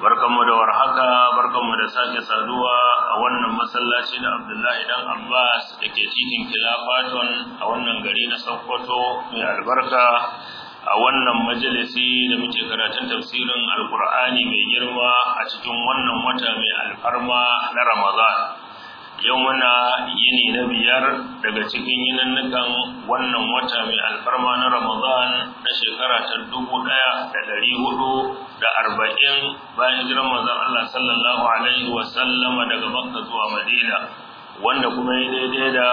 barkanmu da warhaka barkanmu da sake saduwa a wannan masallaci na Abdullahi dan Abbas yake cikin Kilafaton a wannan gari na Sokoto mai albarka a wannan majalisi da muke karatun tafsirin Alkur'ani mai girma a cikin wannan wata mai alfarma na Ramadan yau muna yini na biyar daga cikin yinannukan wannan wata mai alfarma na Ramadan na shekara ta dubu ɗaya da ɗari hudu da arba'in bayan hijirar manzon Allah sallallahu alaihi wa sallama daga Makka zuwa Madina wanda kuma ya daidai da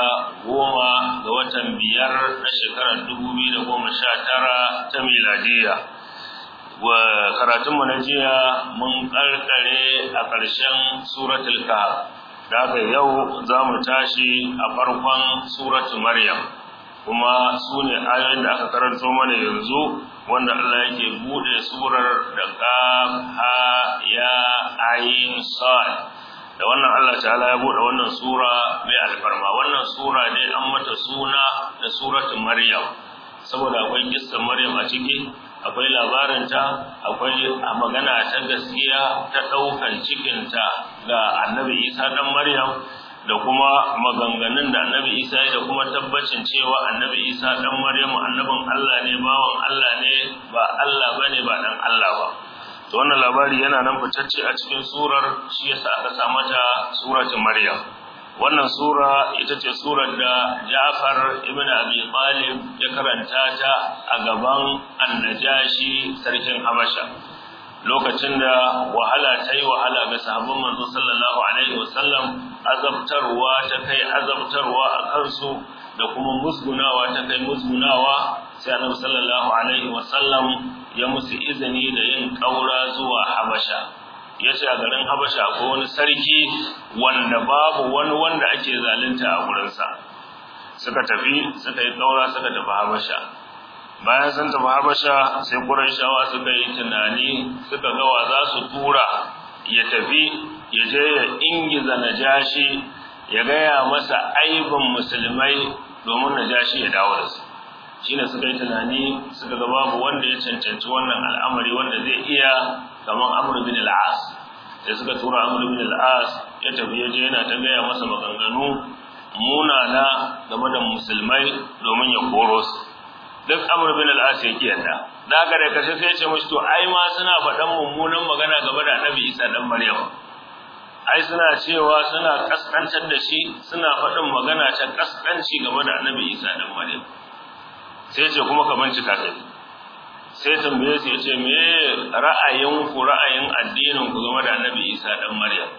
goma ga watan biyar na shekarar dubu biyu da goma sha tara ta miladiya. wa karatunmu na jiya mun karkare a ƙarshen suratul kahf da yau za mu tashi a farkon suratu maryam kuma su ne ayoyin da aka karanto mana yanzu wanda Allah yake buɗe surar da ka ha ya ayin da wannan Allah ta'ala ya buɗe wannan sura mai alfarma wannan sura ne an mata suna da suratu maryam saboda akwai kissar maryam a ciki akwai labarinta akwai magana ta gaskiya ta ɗaukan cikinta ga annabi isa ɗan maryam da kuma maganganun da annabi isa da kuma tabbacin cewa annabi isa ɗan maryam annabin allah ne bawan allah ne ba allah ba ba dan allah ba to wannan labari yana nan fitacce a cikin surar shi yasa aka samu mata suratul maryam wannan sura ita ce surar da Ja'far ibn Abi Talib ya karanta ta a gaban Annajashi sarkin Habasha lokacin da wahala ta yi wahala ga sahabban manzo sallallahu alaihi wasallam azabtarwa ta kai azabtarwa a kansu da kuma musgunawa ta kai musgunawa sai Annabi sallallahu alaihi wasallam ya musu izini da yin kaura zuwa Habasha ya ce a garin habasha ko wani sarki wanda babu wani wanda ake zalunta a gurinsa suka tafi suka yi ɗaura suka tafi habasha bayan sun tafi habasha sai ƙurashawa suka yi tunani suka gawa za su tura ya tafi ya je ya ingiza jashi, ya gaya masa aibin musulmai domin na jashi ya dawo da su ne suka yi tunani suka ga babu wanda ya cancanci wannan al'amari wanda zai iya kamar amru bin al-as sai suka tura amru bin al-as ya tafi yaje yana ta gaya masa maganganu munana game da musulmai domin ya koro su duk amru bin al-as ya kiyata da haka da kashe sai ce mushi to ai ma suna faɗan mummunan magana game da annabi isa dan maryam ai suna cewa suna kaskantar da shi suna faɗin magana ta kaskanci game da annabi isa dan maryam sai ce kuma ka bincika kai sai tambaye su yace me ra'ayin ku ra'ayin addinin ku game da Annabi Isa dan Maryam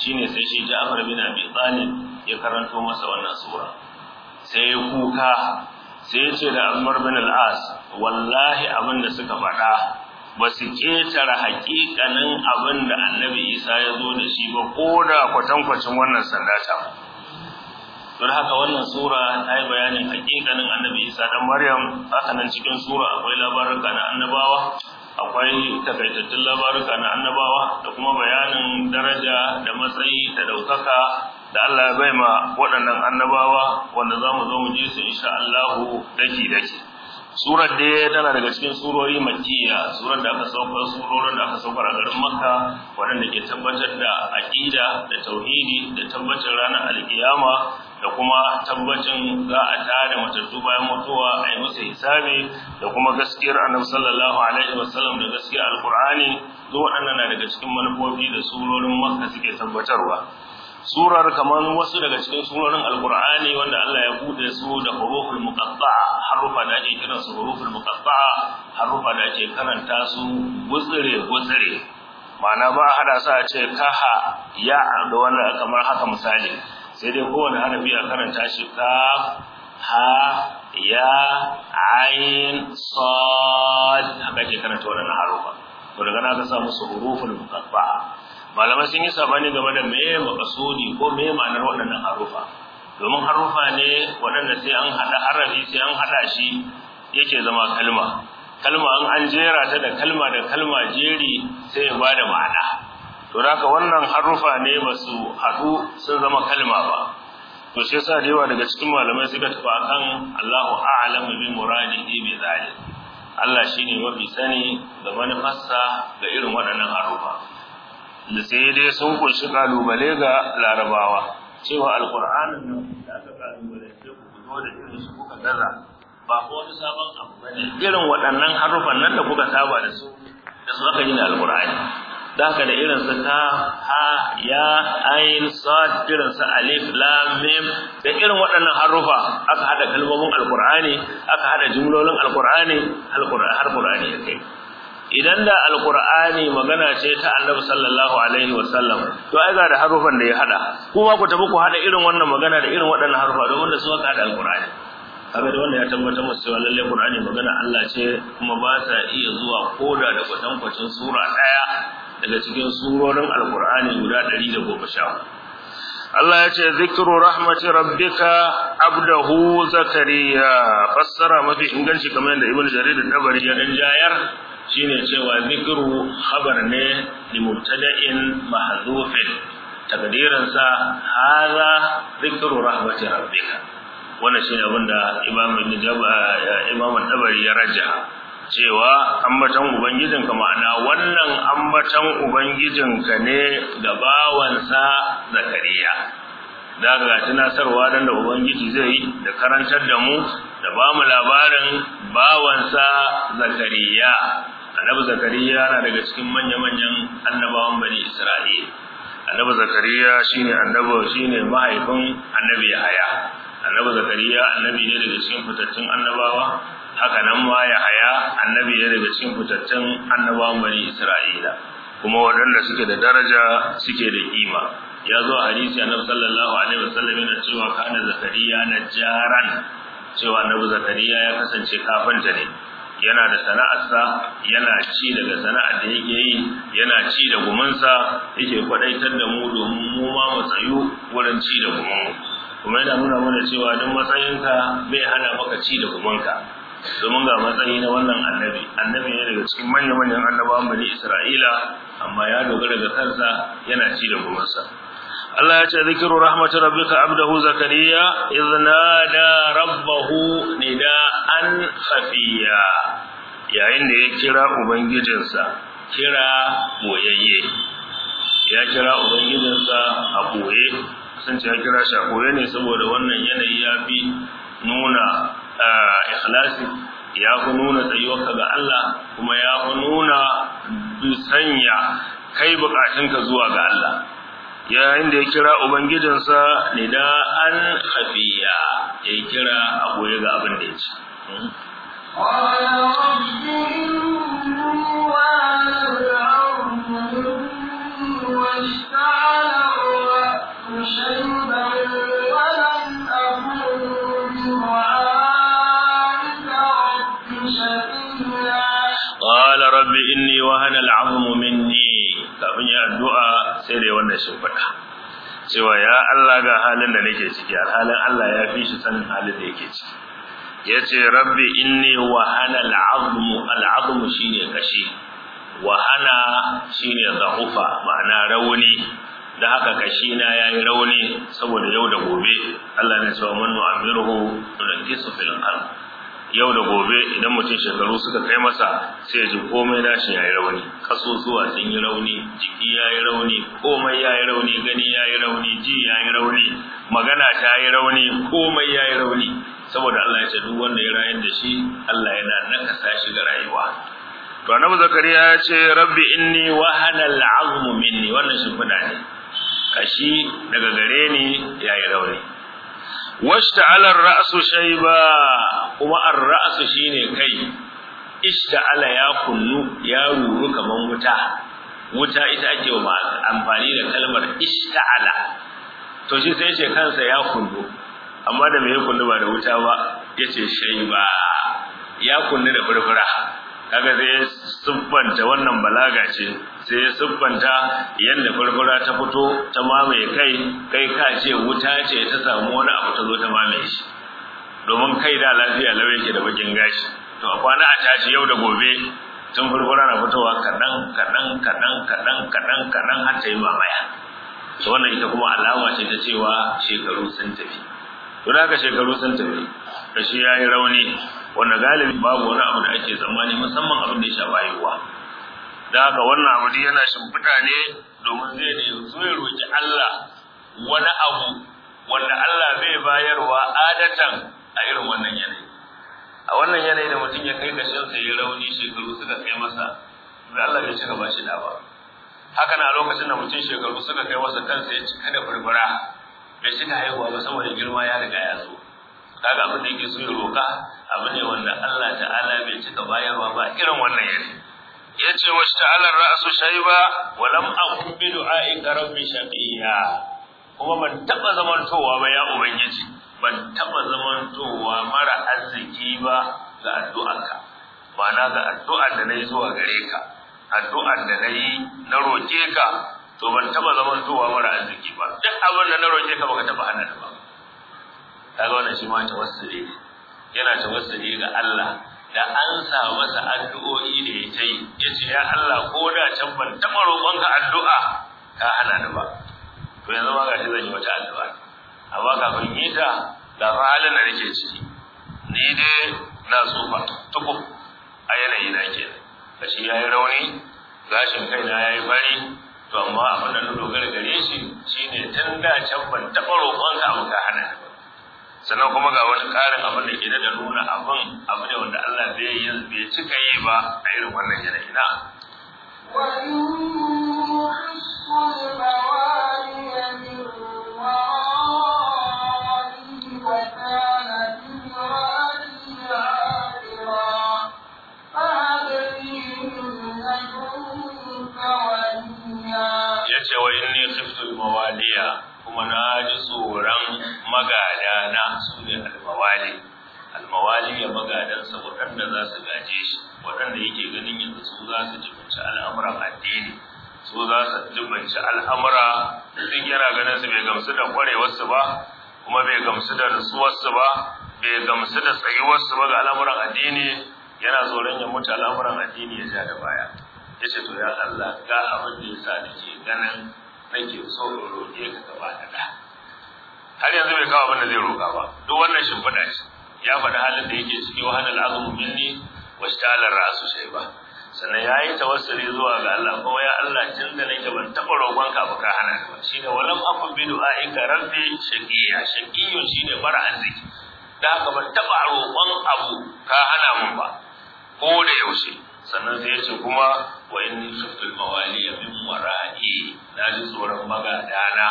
shine sai shi Ja'far bin Abi Talib ya karanto masa wannan sura sai ya kuka sai ya ce da Umar bin Al-As wallahi abin da suka faɗa ba su ketara haƙiƙanin abin da Annabi Isa ya zo da shi ba ko da kwatankwacin wannan sandata don haka wannan sura ta yi bayanin hakikanin annabi isa dan maryam haka nan cikin sura akwai labaruka na annabawa akwai takaitattun labaruka na annabawa da kuma bayanin daraja da matsayi da daukaka da Allah ya bai ma waɗannan annabawa wanda za mu zo mu ji su insha Allahu daki daki surar da tana daga cikin surori makkiya surar da aka saukar surorin da aka saukar a garin maka, waɗanda ke tabbatar da aƙida, da tauhidi da tabbatar ranar alkiyama da kuma tabbacin za a tare matattu bayan mutuwa a yi musu hisabi da kuma gaskiyar annabi sallallahu alaihi wasallam da gaskiyar alqur'ani to wannan na daga cikin manufofi da surorin makka suke tabbatarwa surar kaman wasu daga cikin surorin alqur'ani wanda Allah ya bude su da huruful muqatta'a harufa da ake kiran su huruful muqatta'a harufa da ake karanta su gutsire gutsire ma'ana ba a hada su a ce kaha ya da wanda kamar haka misali sai dai kowane harafi a karanta shi kaf ha ya ayin sad haka ke karanta waɗannan harufa to daga nan ka samu su hurufin mukaffa malamai sun yi sabani game da me makasudi ko me ma'anar waɗannan harufa domin harufa ne waɗanda sai an hada harafi sai an hada shi yake zama kalma kalma an an jera ta da kalma da kalma jeri sai ya bada ma'ana to haka wannan harufa ne basu haɗu sun zama kalma ba to shi yasa da daga cikin malamai suka tafi akan Allahu a'lam bi muradihi bi zalik Allah shine mafi sani da manufarsa ga irin waɗannan harufa da sai dai sun kunshi kalubale ga larabawa cewa alqur'ani nan da aka kalubale sai ku zo da irin su kuka gaza ba ko wani sabon abu bane irin waɗannan harufan nan da kuka saba da su da su aka yi na alqur'ani da haka da irinsa ta ha ya ayin sad irinsa alif lam mim da irin waɗannan harufa aka hada kalmomin alqur'ani aka hada jumlolin alqur'ani alqur'ani qur'ani yake idan da alqur'ani magana ce ta annabi sallallahu alaihi wasallam to ai ga da harufan da ya hada kuma ku tafi ku hada irin wannan magana da irin waɗannan harufa domin da su aka hada alqur'ani kaga da wannan ya tabbatar musu cewa lalle Qur'ani magana Allah ce kuma ba ta iya zuwa koda da kwatankwacin sura daya daga cikin surorin alkur'ani guda ɗari da 110 Allah ya ce zikru rahmati rabbika abdahu zakariya fassara mafi inganci kamar yadda ibnu jarir tabari ya dan jayar shine cewa zikiru khabar ne li mubtada'in mahdhufin takdirin sa hadha zikru rahmati rabbika wannan shine abinda imamu ibnu eh, imamu tabari ya rajaha cewa ambatan ka ma'ana wannan ambatan ubangijinka ne da bawansa zakariya da ga tunasarwa dan da ubangiji zai da karantar da mu da ba mu labarin bawansa zakariya annabi zakariya yana daga cikin manya-manyan annabawan bani isra'ila annabi zakariya shine annabi shine mahaifin annabi yahaya annabi zakariya annabi ne daga cikin fitattun annabawa haka nan ma ya haya annabi ya daga cikin fitattun annabawan bani Isra'ila kuma waɗanda suke da daraja suke da kima ya zo a hadisi annabi sallallahu alaihi wasallam yana cewa kana zakariya jaran cewa annabi zakariya ya kasance kafinta ne yana da sana'arsa yana ci daga sana'ar da yake yi yana ci da gumansa yake kwadaitar da mu domin mu ma mu tsayu wurin ci da gumanmu kuma yana nuna mana cewa duk matsayinka bai hana maka ci da gumanka domin ga matsayi na wannan annabi annabi ne daga cikin manyan manyan annabawan bani isra'ila amma ya dogara ga kansa yana ci da gumansa Allah ya ce zikiru rahmatu rabbika abdahu zakariya iznada rabbahu nida'an khafiya yayin da ya kira ubangijinsa kira boyayye ya kira ubangijinsa a boye sun ce ya kira shi a boye ne saboda wannan yanayi ya fi nuna ikhlasi ya fi nuna tsayuwarka ga Allah kuma ya fi nuna sanya kai bukatunka zuwa ga Allah yayin da ya kira ubangijinsa an hafiya ya kira a goye ga abin da ya ce قال رب wahana العظم مني kafin ya addu'a sai da wannan shimfiɗa cewa ya Allah ga halin da nake ciki halin Allah ya fi shi sanin halin da yake ciki yace rabbi inni wahana al'azmu al'azm shine kashi wahana shine zahufa ma'ana rauni da haka kashi na yayi rauni saboda yau da gobe Allah ne ya ce man nu'amiruhu tunqisu fil yau da gobe idan mutum shekaru suka kai masa sai ji komai nashi ya yi rauni kasusuwa sun yi rauni jiki ya yi rauni komai ya yi rauni gani ya yi rauni ji ya yi rauni magana ta yi rauni komai ya yi rauni saboda Allah ya ce duk wanda ya rayu da shi Allah yana nakasa shi ga rayuwa to annabi zakariya ya ce rabbi inni wahana al'azmu minni wannan shimfiɗa ne kashi daga gare ni ya yi rauni washta'ala ar-ra'su shayba kuma ar-ra'su shine kai ishta'ala ya kullu ya ruru kaman wuta wuta ita ake wa amfani da kalmar ishta'ala to shi sai ce kansa ya kullu amma da me ya kullu ba da wuta ba yace shayba ya kullu da furfura kaga sai siffanta wannan balaga ce sai ya siffanta yadda farfara ta fito ta mamaye kai kai ka ce wuta ce ta samu wani abu ta zo ta mamaye shi domin kai da lafiya lau yake da bakin gashi to a kwana a tashi yau da gobe tun farfara na fitowa kaɗan kaɗan kaɗan kaɗan kaɗan kaɗan har ta yi mamaya to wannan ita kuma alama ce ta cewa shekaru sun tafi don haka shekaru sun tafi kashi ya yi rauni wanda galibi babu wani abu da ake tsammani musamman abin da ya shafa haihuwa da haka wannan abu yana shimfiɗa ne domin zai ne ya roki Allah wani abu wanda Allah zai bayarwa adatan a irin wannan yanayi a wannan yanayi da mutum ya kai kashin sa ya rauni shekaru suka kai masa da Allah bai cika bashi da ba haka na lokacin da mutum shekaru suka kai masa kansa ya cika da burbura bai cika haihuwa ba saboda girma ya riga ya zo kaga abin da yake so ya roka abu ne wanda Allah ta'ala bai cika bayarwa ba irin wannan yanayi yace wasta'ala ra'su shayba wa lam akun bi du'a'i rabbi shaqiya kuma ban taba zamantowa ba ya ubangiji ban taba zamantowa mara arziki ba ga addu'arka na ga addu'ar da nayi zuwa gare ka addu'ar da nayi na roke ka to ban taba zamantowa mara arziki ba duk abin da na roke ka baka taba hana ba kaga wannan shi ma tawassuli yana tawassuli ga Allah da an sa masa addu'o'i da ya ta yi ya ce ya Allah ko da can ban taɓa roƙonka addu'a ka hana ni ba to yanzu ma ce zan yi wata addu'a amma kafin yi ta da halin da nake ciki ni dai na tsufa tukuf a yanayi na ke da shi ya yi rauni gashin kai na ya yi fari to amma abin da na dogara gare shi shine tun da can ban taɓa roƙonka abu ka hana ni sannan kuma ga wani ƙarin abin da ke da nuna abin abu ne wanda Allah bai yi bai cika yi ba a irin wannan yanayi na ya ce wa inni khiftu mawaliya kuma na ji tsoron magada na su ne almawali almawali ya magadansa waɗanda za su gaje shi waɗanda yake ganin yanzu su za su jibinci al'amuran addini su za su jibinci al'amura duk yana ganin su bai gamsu da kwarewarsu ba kuma bai gamsu da rasuwarsu ba bai gamsu da tsayuwarsu ba ga al'amuran addini yana tsoron ya mutu al'amuran addini ya ja da baya ya ce to ya Allah ga abin da ya sa nake ganin nake so in roƙe ka gaba da da har yanzu bai kawo abin zai roƙa ba duk wannan faɗa shi ya faɗi halin da yake ciki hana azumi minni wa shtalar ra'su sai ba sannan ya yi tawassuli zuwa ga Allah ko ya Allah tun da nake ban taɓa roƙon ka ba ka hana ba shine walam akun bi du'aika rabbi shaqiya shaqiyu ne bara arziki da haka ban taɓa roƙon abu ka hana mun ba ko da yaushe sannan sai ya ce kuma wa in shiftul mawaliya min wara'i na ji tsoron magadana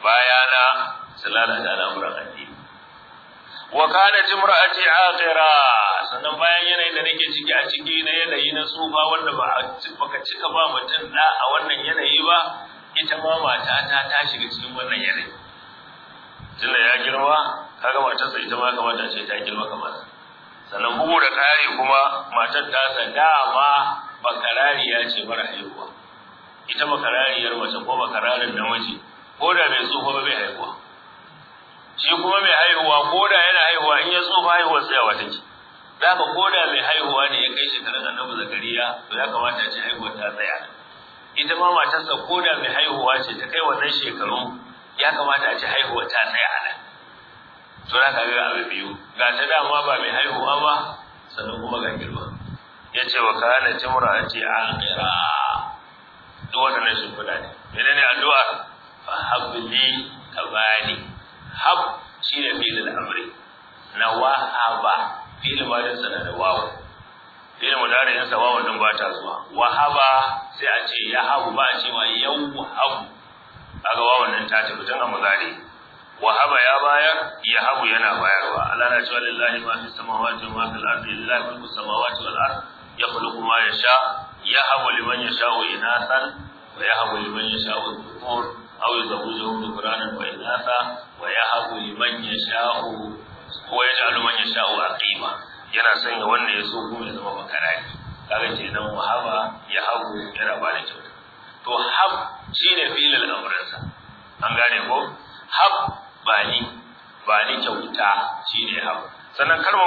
bayana salala lalata al'amuran addini wa kana jimra'ati akhira sannan bayan yanayin da nake ciki a ciki na yanayi na tsufa wanda ba baka cika ba mutum da a wannan yanayi ba ita ma mata ta ta shiga cikin wannan yanayi tunda ya girma kaga sai ita ma kamata ce ta girma kamar sannan bugu da kare kuma matar san dama bakarariya ce mara haihuwa ita bakarariyar mace ko bakararin namiji ko da bai tsufa ba bai haihuwa shi kuma mai haihuwa ko da yana haihuwa in ya tsufa haihuwar sai wata ce za ka ko da mai haihuwa ne ya kai shekarun annabi zakariya to ya kamata ce haihuwar ta tsaya ita ma matarsa ko da mai haihuwa ce ta kai wannan shekaru ya kamata a ce haihuwar ta tsaya to za ka ga abu biyu ga ta dama ba mai haihuwa ba sannan kuma ga girma ya ce wa kana a ce kira. duk wannan shi kuda ne menene addu'a fa ka bani. hab shi ne fi'il da amri nawahaba fi'il mudari sana da wawu fi'il mudari din sa wawu din ba ta zuwa wahaba sai a ce ya habu ba a ce ma yau habu kaga wawu nan ta tafi tun a mudari wahaba ya bayar ya habu yana bayarwa Allah na cewa lillahi ma fi samawati wa fil ardi lillahi mulku samawati wal ard yakhluqu ma yasha yahabu liman yasha'u inasan wa yahabu liman yasha'u dhukur aw yuzawwijuhum dhukranan wa inasa wa yahabu liman yasha'u wa yaj'alu man yasha'u aqima yana sanya wanda ya so kuma ya zama makarani kaga kenan wahaba ya habu yana ba da kyauta to hab shine filin amrinsa an gane ko hab bani bani kyauta shine hawa sannan kar mu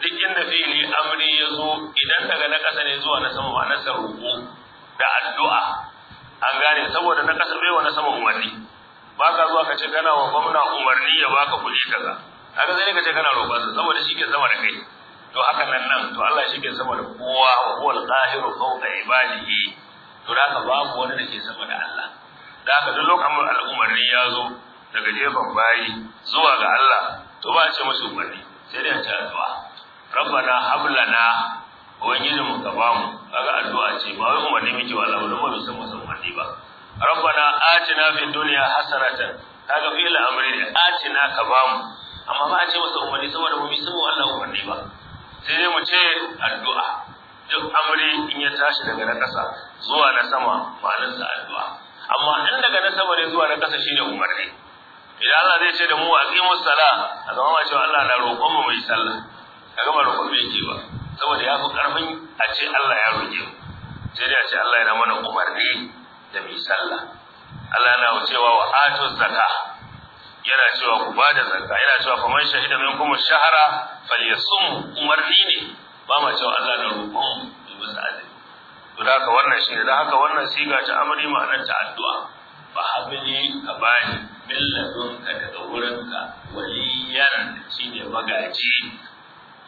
duk inda fi'li amri ya zo idan daga na kasa ne zuwa na sama ba nasar sarruku da addu'a an gane saboda na kasa bai wa na sama umarni ba ka zuwa ka ce kana wa gwamna umarni ya baka kuɗi kaza haka sai ka ce kana roƙonsa saboda shi ke sama da kai to haka nan nan to Allah shi ke sama da kowa wa huwal qahiru fawqa ibadihi to da ka babu wani da ke sama da Allah da haka duk lokacin al'umarni ya zo daga jefan bayi zuwa ga Allah to ba a ce musu umarni sai dai a ci addu'a rabbana hablana ubangiji mu ka bamu kaga addu'a ce ba wai umarni miki ba Allah ba mu san musu umarni ba rabbana atina fi dunya hasanatan kaga fi'il amri ne atina ka bamu amma ba a ce musu umarni saboda mu bi sabo Allah umarni ba sai dai mu ce addu'a duk amri in ya tashi daga na ƙasa zuwa na sama ma'anarsa addu'a amma in daga na sama ne zuwa na ƙasa shine umarni idan Allah zai ce da mu aqimu sala a zama ma cewa Allah na roƙon mu mai sallah Ka gama roƙon mai ke ba saboda ya fi ƙarfin a ce Allah ya roƙe mu sai dai a ce Allah yana mana umarni da mai sallah Allah yana cewa wa atu zakka yana cewa ku ba da zaka yana cewa fa man shahida min ash-shahra falyasum umarni ne ba ma cewa Allah na roƙon mu mai masa to da haka wannan shi da haka wannan siga ta amri ma'anar ta addu'a fa habli ka bani min ladunka daga wurinka shi ne magaji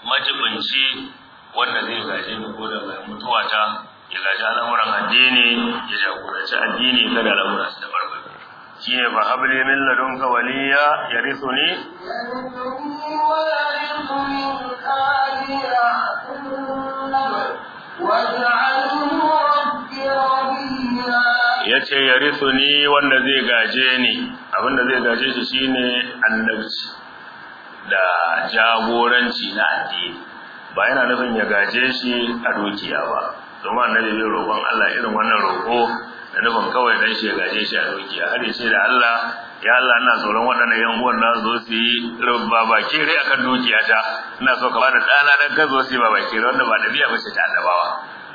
majibinci wanda zai gaje ni ko da mai mutuwa ta ya gaji al'amuran addini ya jagoranci addini kada al'amuran su da barbari shine fa habli min ya waliya yarithuni وَاجْعَلْنِي ya ce ya risu ni wanda zai gaje ni abinda zai gaje shi shine annabci da jagoranci na addini ba yana nufin ya gaje shi a dukiya ba domin annabi bai roƙon Allah irin wannan roƙo da nufin kawai dan shi ya gaje shi a dukiya har ya da Allah ya Allah ina tsoron waɗannan yan uwan na zo su yi rubba baki rai akan dukiyata ina so ka bada ɗana dan ka zo su yi ba baki rai wanda ba da biya ba ce ta annabawa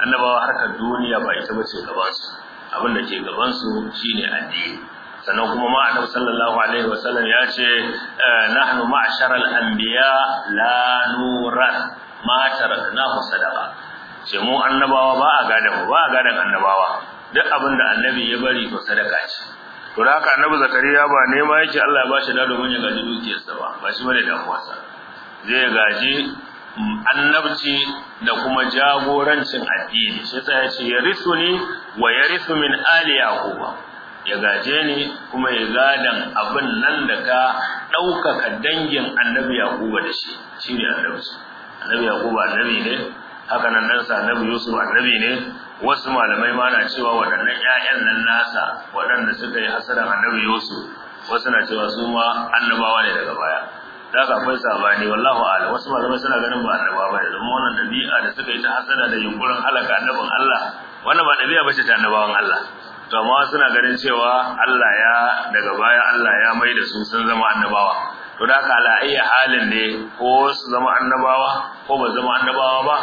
annabawa harkar duniya ba ita ba ce su abin da ke gaban su shine addini sannan kuma ma annabi sallallahu alaihi wasallam ya ce eh, nahnu ma'sharal anbiya la nuran ma taraknahu sadaqa ce mu annabawa ba a gadan mu ba a gadan annabawa duk abin da annabi ya bari to sadaka ce to da haka annabi zakariya ba nema yake Allah ya bashi da domin ya gaji dukiyarsa ba ba shi bane sa. zai gaji annabci da kuma jagorancin addini shi yasa ya ce wa ya min ali yaquba ya gaje ni kuma ya gadan abin nan da ka ɗaukaka dangin annabi yaquba da shi shi ne annabci annabi yaquba annabi ne haka nan sa annabi yusuf annabi ne wasu malamai ma na cewa waɗannan ƴaƴan nan nasa waɗanda suka yi hasaran annabi yusuf wasu na cewa su ma annabawa ne daga baya da ga akwai sabani wallahu a'lam wasu malamai suna ganin ba annaba ba da domin wannan dabi'a da suka yi ta hasada da yunkurin halaka annabin Allah wannan ba dabi'a bace ta annabawan Allah to amma suna ganin cewa Allah ya daga baya Allah ya mai da su sun zama annabawa to da ka ala ayi halin ne ko su zama annabawa ko ba zama annabawa ba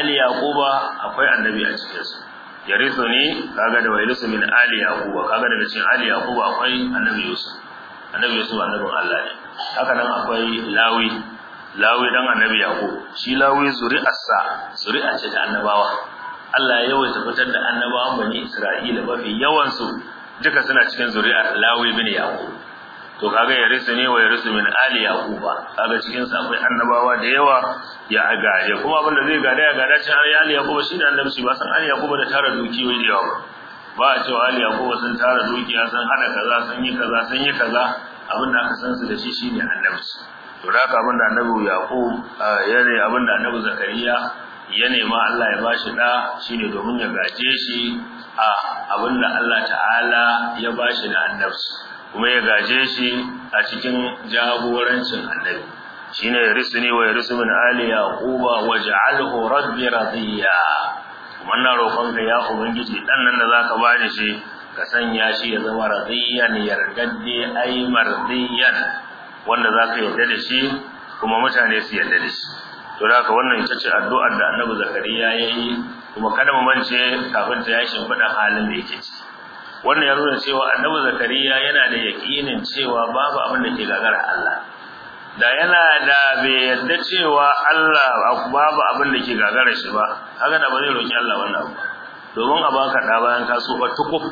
ali yaquba akwai annabi a cikin su yarithuni kaga da wailusu min ali yaquba kaga daga cikin ali yaquba akwai annabi yusuf annabi yusuf annabin Allah ne haka nan akwai lawi lawi dan annabi yaqub shi lawi zuri'arsa zuri'a ce da annabawa Allah ya yawaita fitar da annabawan bani Isra'ila mafi yawan su duka suna cikin zuri'ar lawi bin yaqub to kaga ya risu ne wa ya risu min ali yaquba kaga cikin sa akwai annabawa da yawa ya gare kuma abinda da zai gada ya gada cikin ali shi da annabi ba san ali yaquba da tara dukiyoyi da yawa ba a cewa ali kowa sun tara dukiya sun hada kaza sun yi kaza sun yi kaza abin da aka san su da shi shine annabi to da haka abin da annabi yaqub ya ne abin da annabi zakariya ya nema Allah ya bashi da shine domin ya gaje shi a abin da Allah ta'ala ya bashi da annabi kuma ya gaje shi a cikin jagorancin annabi shine risni wa min ali yaquba waj'alhu rabbi radiya wannan roƙonka ya ubangiji dan nan da zaka bani shi ka sanya shi ya zama radiyan yargadde ai mardiyan wanda zaka yarda da shi kuma mutane su yarda da shi to haka wannan ita ce addu'ar da Annabi Zakariya yayi kuma kada mu mance kafin ta yashin fada halin da yake ciki wannan ya nuna cewa Annabi Zakariya yana da yaƙinin cewa babu abin da ke gagara Allah da yana da bai yadda cewa Allah babu abin da ke gagara shi ba haka da ba zai roki Allah wannan ba domin a baka da bayan ka tsufa tukuf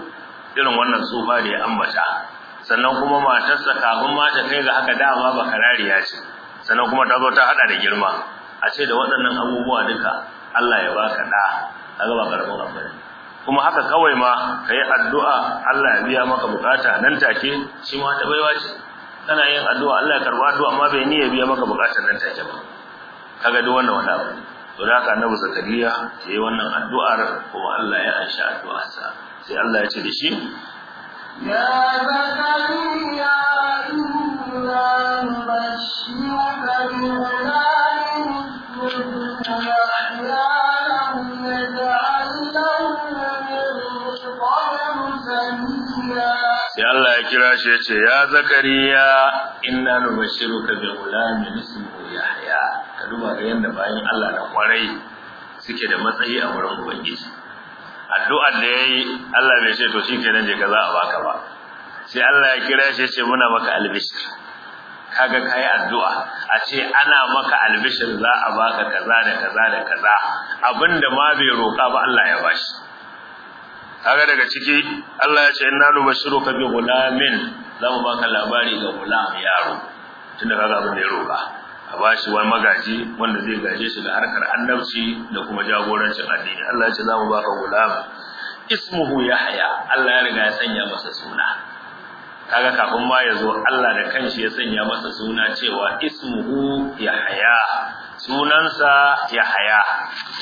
irin wannan tsufa da ya ambata sannan kuma matarsa kafin ma ta kai ga haka dama ba karariya ce sannan kuma ta zo ta hada da girma a ce da waɗannan abubuwa duka Allah ya baka da kaga ba karamin abu ne kuma haka kawai ma kai addu'a Allah ya biya maka bukata nan take shi ma ta baiwa ce kana yin addu'a Allah ya karba addu'a amma bai niyya biya maka bukatar nan take ba kaga duk wannan wani ba to da haka annabi zakariya yayi wannan addu'ar ko Allah ya ansha addu'arsa sai Allah ya ce da shi ya zakariya kira shi ya ce ya zakariya inna nubashiruka bi ghulamin ismuhu yahya ka duba ga yadda bayan Allah da kwarai suke da matsayi a wurin ubangiji addu'ar da ya yi, Allah bai ce to nan je ka za a baka ba sai Allah ya kira shi ya ce muna maka albishir kaga yi addu'a a ce ana maka albishir za a baka kaza da kaza da kaza da ma bai roka ba Allah ya bashi kaga daga ciki Allah ya ce inna ka bi gulamin zamu baka labari ga gulam yaro tunda kaga abin da ya roka a bashi wani magaji wanda zai gaje shi da harkar annabci da kuma jagorancin addini Allah ya ce zamu baka gulam ismuhu yahya Allah ya riga ya sanya masa suna kaga kafin ma ya zo Allah da kanshi ya sanya masa suna cewa ismuhu yahya sunansa yahya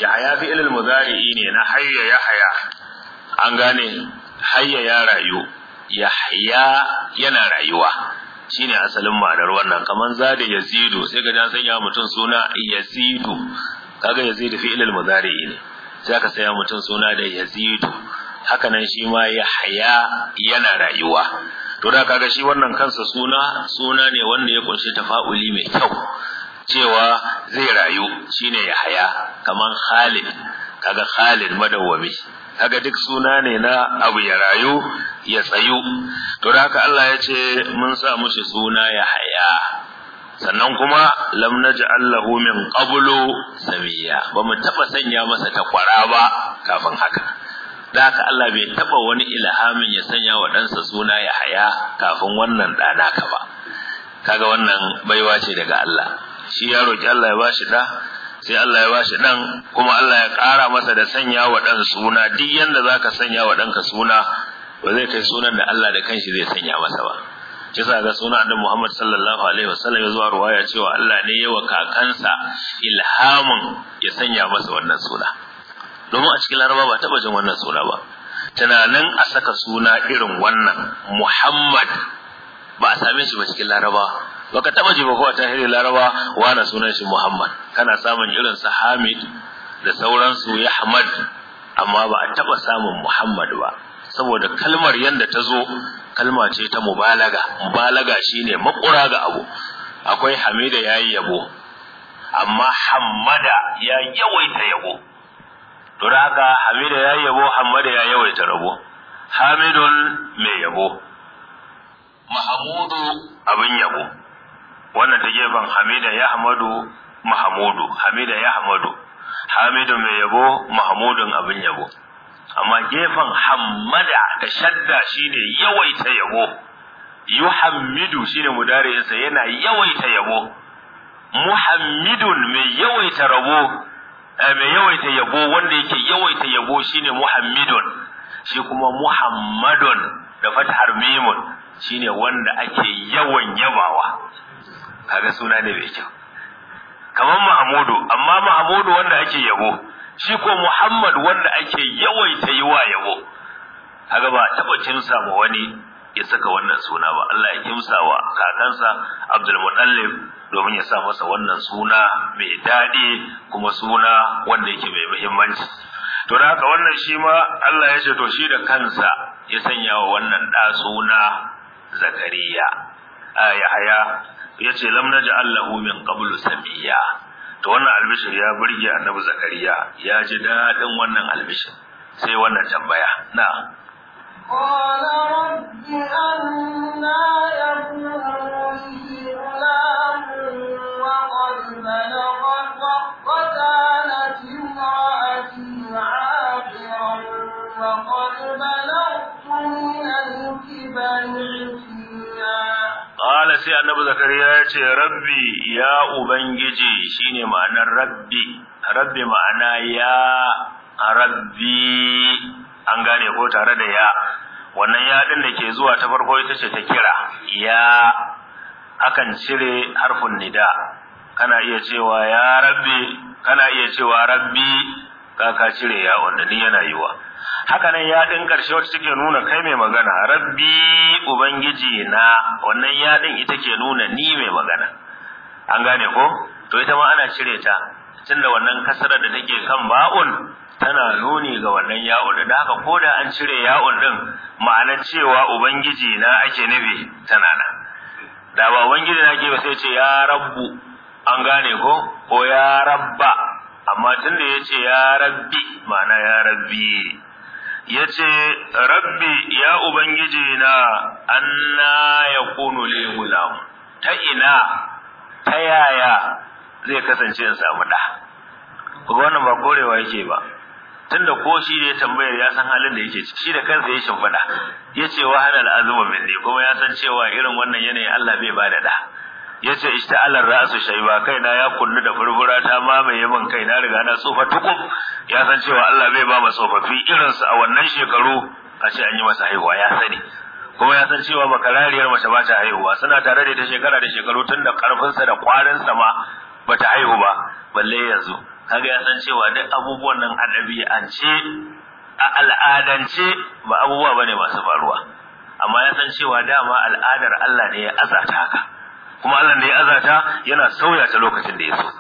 yahya fi'il mudari'i ne na hayya yahya an gane hayya ya rayu yahya yana rayuwa shine asalin ma'anar wannan kaman za da yazidu sai ga dan sanya mutun suna yazidu kaga yazidu fi ilal mudari ne sai ka saya mutun suna da yazidu haka nan shi ma yahya yana rayuwa to da kaga shi wannan kansa suna suna ne wanda ya kunshi tafa'uli mai kyau cewa zai rayu shine yahya kaman khalid kaga khalid madawwami kaga duk suna ne na abu ya rayu ya tsayu to da haka Allah ya ce mun sa mushi suna ya haya sannan kuma lam naj'al lahu min qablu samiya ba mu taba sanya masa takwara ba kafin haka da haka Allah bai taba wani ilhamin ya sanya wa ɗansa suna ya haya kafin wannan ɗana ka ba kaga wannan baiwa ce daga Allah shi yaro ki Allah ya bashi da sai Allah ya bashi dan kuma Allah ya ƙara masa da sanya wa dan suna duk yanda zaka sanya wa danka suna ba zai kai sunan da Allah da kanshi zai sanya masa ba kisa ga sunan annabi Muhammad sallallahu alaihi wasallam ya zuwa ruwaya cewa Allah ne yawa kakansa ilhamin ya sanya masa wannan suna domin a cikin Laraba ba taba jin wannan suna ba tunanin a saka suna irin wannan Muhammad ba a same shi ba cikin Laraba baka taba ji ba ko ta hiri laraba wani sunan shi Muhammad kana samun irin su Hamid da sauransu ya Hamad amma ba a taba samun Muhammad ba saboda kalmar yanda ta zo kalma ce ta mubalaga mubalaga shine makura ga abu akwai Hamida yayi yabo amma Hammada ya yawaita yabo to haka Hamida yayi yabo Hammada ya yawaita rabo Hamidun mai yabo Mahamudu abin yabo wannan ta gefen hamida ya hamadu mahamudu hamida ya hamadu hamidu mai yabo mahamudun abin yabo amma gefen hammada da shadda shine yawaita yabo yuhammidu shine mudari'insa yana yawaita yabo muhammidun mai yawaita rabo eh, mai yawaita yabo wanda yake yawaita yabo shine muhammidun shi kuma muhammadun da fatahar mimun shine wanda ake yawan yabawa kaga suna ne mai kyau kamar Mahmudu amma Mahmudu wanda ake yabo shi ko Muhammad wanda ake yawaita yi wa yabo kaga ba taba kimsa ma wani ya saka wannan suna ba Allah ya kimsa wa kakansa Abdul Muttalib domin ya sa masa wannan suna mai daɗi kuma suna wanda yake mai muhimmanci to da haka wannan shi ma Allah ya ce to shi da kansa ya sanya wa wannan da suna Zakariya a Yahaya yace lam naj'al lahu min qablu samiyya to wannan albishir ya burge annabi zakariya ya ji dadin wannan albishir sai wannan tambaya na qala rabbi anna annabi zakariya ya ce rabbi ya ubangiji shine ma'anar rabbi rabbi ma'ana ya rabbi an gane ko tare da ya wannan ya din da ke zuwa ta farko ita ce ta kira ya akan cire harfin nida kana iya cewa ya rabbi kana iya cewa rabbi ka ka cire ya wanda ni yana yiwa haka nan ya din karshe wacce take nuna kai mai magana rabbi ubangiji na wannan ya din ita ke nuna ni mai magana an gane ko to ita ma ana cire ta tunda wannan kasarar da take kan ba'un tana nuni ga wannan ya'un da haka da an cire ya'un din ma'anar cewa ubangiji na ake nufi tana nan da ba ubangiji na ke ba sai ce ya rabbu an gane ko ko ya rabba amma tun da ya ce ya rabbi ma'ana ya rabbi ce, rabbi ya ubangiji na anna ya li gulam ta ina ta yaya zai kasance in samu da kuma wannan ba korewa yake ba tun da ko shi ne tambayar ya san halin da yake ciki shi da kansa ya shimfiɗa ya ce wa hana al'azuma ne kuma ya san cewa irin wannan yanayin Allah bai ba da da Ya ce, yace alar ra'su kai kaina ya kullu da furfura ta mamaye min kai na riga na tsofa tukub ya san cewa Allah bai ba tsofaffi irin su a wannan shekaru a ce an yi masa haihuwa ya sani kuma ya san cewa bakarariyar mace ba ta haihuwa suna tare da ta shekara da shekaru tun da karfinsa da kwarinsa ma ba ta haihu ba balle yanzu kaga ya san cewa duk abubuwan nan a ɗabi'ance a al'adance ba abubuwa bane masu faruwa amma ya san cewa dama al'adar Allah ne ya azata haka kuma Allah da ya azata yana sauya ta lokacin da ya so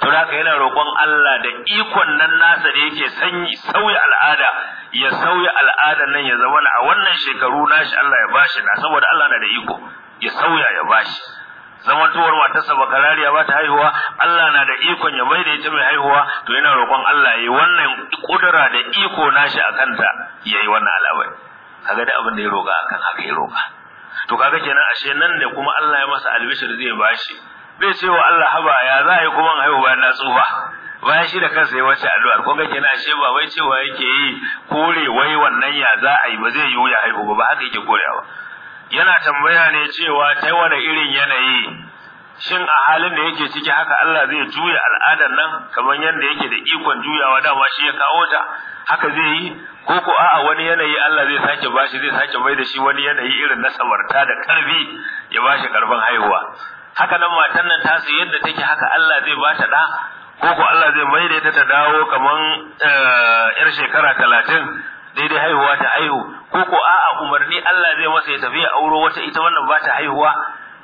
to haka yana roƙon Allah da ikon nan nasa da yake sanyi sauya al'ada ya sauya al'ada nan ya zama a wannan shekaru nashi Allah ya bashi na saboda Allah na da iko ya sauya ya bashi zamantowar matarsa ba karariya ba ta haihuwa Allah na da ikon ya bai da ita mai haihuwa to yana roƙon Allah ya yi wannan kudura da iko nashi a kanta ya yi wannan al'amari kaga da abin da ya roƙa akan haka ya roƙa to kaga kenan ashe nan ne kuma Allah ya masa albishir zai bashi bai ce wa Allah haba ya za a yi kuma haihu bayan na tsufa bayan shi da kansa ya wace addu'a ko kake na ashe ba wai cewa yake yi kore wai wannan ya za a yi ba zai yiwu ya haihu ba ba haka yake korewa yana tambaya ne cewa ta wani irin yanayi shin a halin da yake ciki haka Allah zai juya al'adar nan kamar yadda yake da ikon juyawa dama shi ya kawo ta haka zai yi ko ko a'a wani yanayi Allah zai sake bashi zai sake mai da shi wani yanayi irin na samarta da karbi ya bashi karban haihuwa haka nan matan nan ta su yadda take haka Allah zai ba ta da ko ko Allah zai mai da ta ta dawo kaman eh, yar shekara talatin daidai haihuwa ta haihu ko ko a'a umarni Allah zai masa ya tafi ya auro wata ita wannan ba ta haihuwa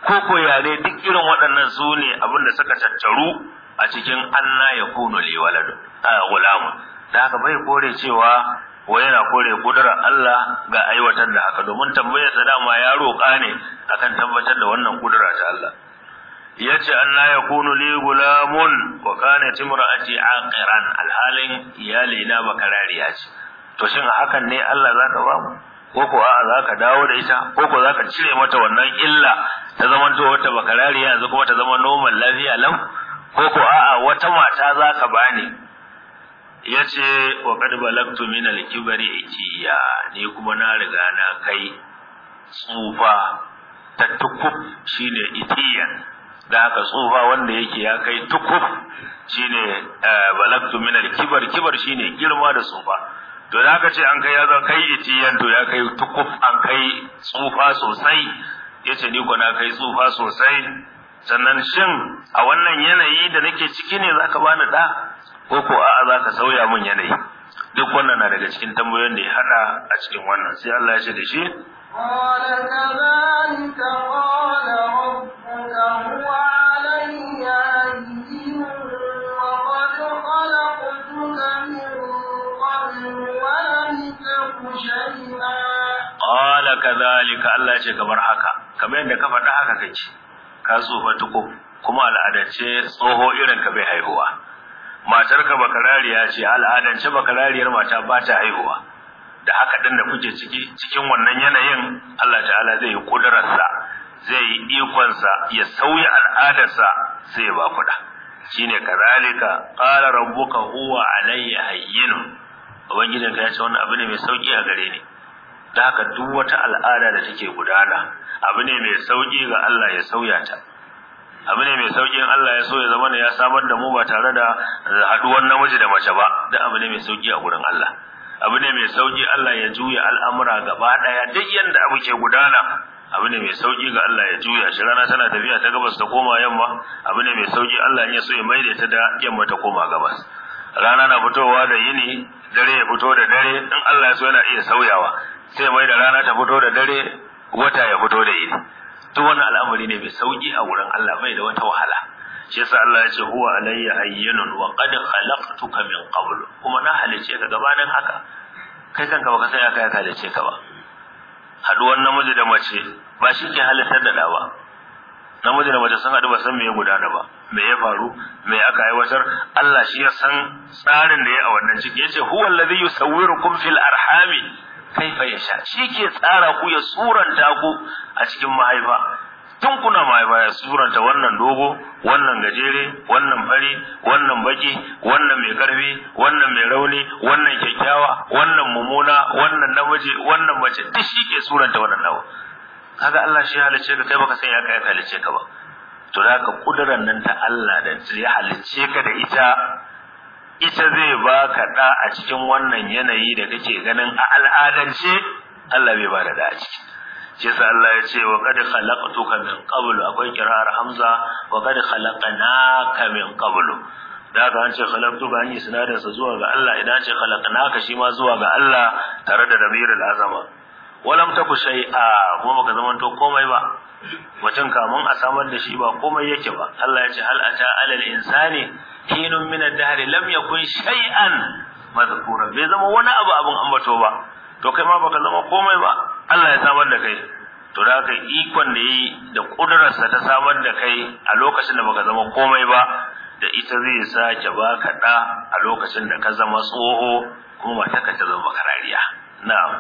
ko ko yare duk irin waɗannan su ne abin da suka tattaru a cikin Allah ya kuno liwalad eh, gulamu da haka bai kore cewa wa yana kore kudurar Allah ga aiwatar da haka domin tambayar sa dama ya roƙa ne akan tabbatar da wannan kudura ta Allah yace anna yakunu li gulamun wa kana timra'ati aqiran alhalin iyali na bakarariya ce to shin hakan ne Allah zaka ba mu ko ko a zaka dawo da ita ko ko zaka cire mata wannan illa ta zaman to wata bakarariya yanzu kuma ta zama normal lafiya lam ko ko a wata mata zaka bani ya ce wa balagtu min alkibari ikiya ne kuma na riga na kai tsufa ta tukuf shine itiyan da haka tsufa wanda yake ya kai tukuf shine ne eh, min alkibar kibar shine girma da tsufa to da haka ce an kai ya kai itiyan to ya kai tukuf an kai tsufa sosai ce ni ko na kai tsufa sosai sannan shin a wannan yanayi da nake ciki ne zaka bani da ko ko a'a za ka sauya mun yanayi duk wannan na daga cikin tambayoyin da ya hada a cikin wannan sai Allah ya ce da shi قال كذلك Allah ya ce kamar haka kamar yadda ka faɗa haka kake ka tsofa tuko kuma al'adace tsoho irin ka bai haihuwa matarka bakarariya ce al'adance bakarariyar mata ba ta haihuwa da haka din da kuke ciki cikin wannan yanayin Allah ta'ala zai yi kudararsa zai yi ikonsa ya sauya al'adarsa sai ba kuɗa shine kadalika qala rabbuka huwa alayya hayyin ubangijinka ya ce wannan abu ne mai sauki a gare ni da haka duk wata al'ada da take gudana abu ne mai sauki ga Allah ya sauya ta abu ne mai sauki in Allah ya so ya zama ya samar da mu ba tare da haduwar namiji da mace ba duk abu ne mai sauki a gurin Allah abu ne mai sauki Allah ya juya al'amura gaba daya duk yanda abu ke gudana abu ne mai sauki ga Allah ya juya shi rana tana tafiya ta gabas ta koma yamma abu ne mai sauki Allah ya so ya maida ta da yamma ta koma gabas rana na fitowa da yini dare ya fito da dare in Allah ya so yana iya sauyawa sai mai da rana ta fito da dare wata ya fito da yini duk wani al'amari ne mai sauki a wurin Allah bai da wata wahala shi yasa Allah ya ce huwa alayya hayyinun wa qad khalaqtuka min qabl kuma na halice ka gabanin haka kai kanka baka sai aka yaka halice ka ba haduwar namiji da mace ba shi ke halittar da dawa namiji da mace sun hadu ba san me ya gudana ba me ya faru me aka aiwatar Allah shi ya san tsarin da ya a wannan ciki yace huwa alladhi yusawwirukum fil arhami kaifa sha shi ke tsara ku ya suranta ku a cikin mahaifa tun kuna mahaifa ya suranta wannan dogo wannan gajere wannan fari wannan baki wannan mai karfi wannan mai rauni wannan kyakkyawa wannan mumuna wannan namiji wannan mace duk shi ke suranta wannan nawa kaga Allah shi halice ka kai baka san ya kai halice ka ba to da haka kudurar nan ta Allah da ya halice ka da ita ita zai baka ɗa a cikin wannan yanayi da kake ganin a al'adance Allah bai ba da ɗa a ciki shi yasa Allah ya ce wa qad khalaqtuka min qablu akwai kirar hamza wa qad khalaqnaka min qablu da ka an ce khalaqtuka an yi zuwa ga Allah idan ce khalaqnaka shi ma zuwa ga Allah tare da damirul azama walam taku kusai a kuma baka zamanto komai ba mutum kamun a samar da shi ba komai yake ba Allah ya ce hal ata alal insani hinun min ad-dahr lam yakun shay'an madhkura bai zama wani abu abun ambato ba to kai ma baka zama komai ba Allah ya samar da kai to da kai ikon da yi da kudurarsa ta samar da kai a lokacin da baka zama komai ba da ita zai sake baka da a lokacin da ka zama tsoho kuma mataka ta zama karariya na'am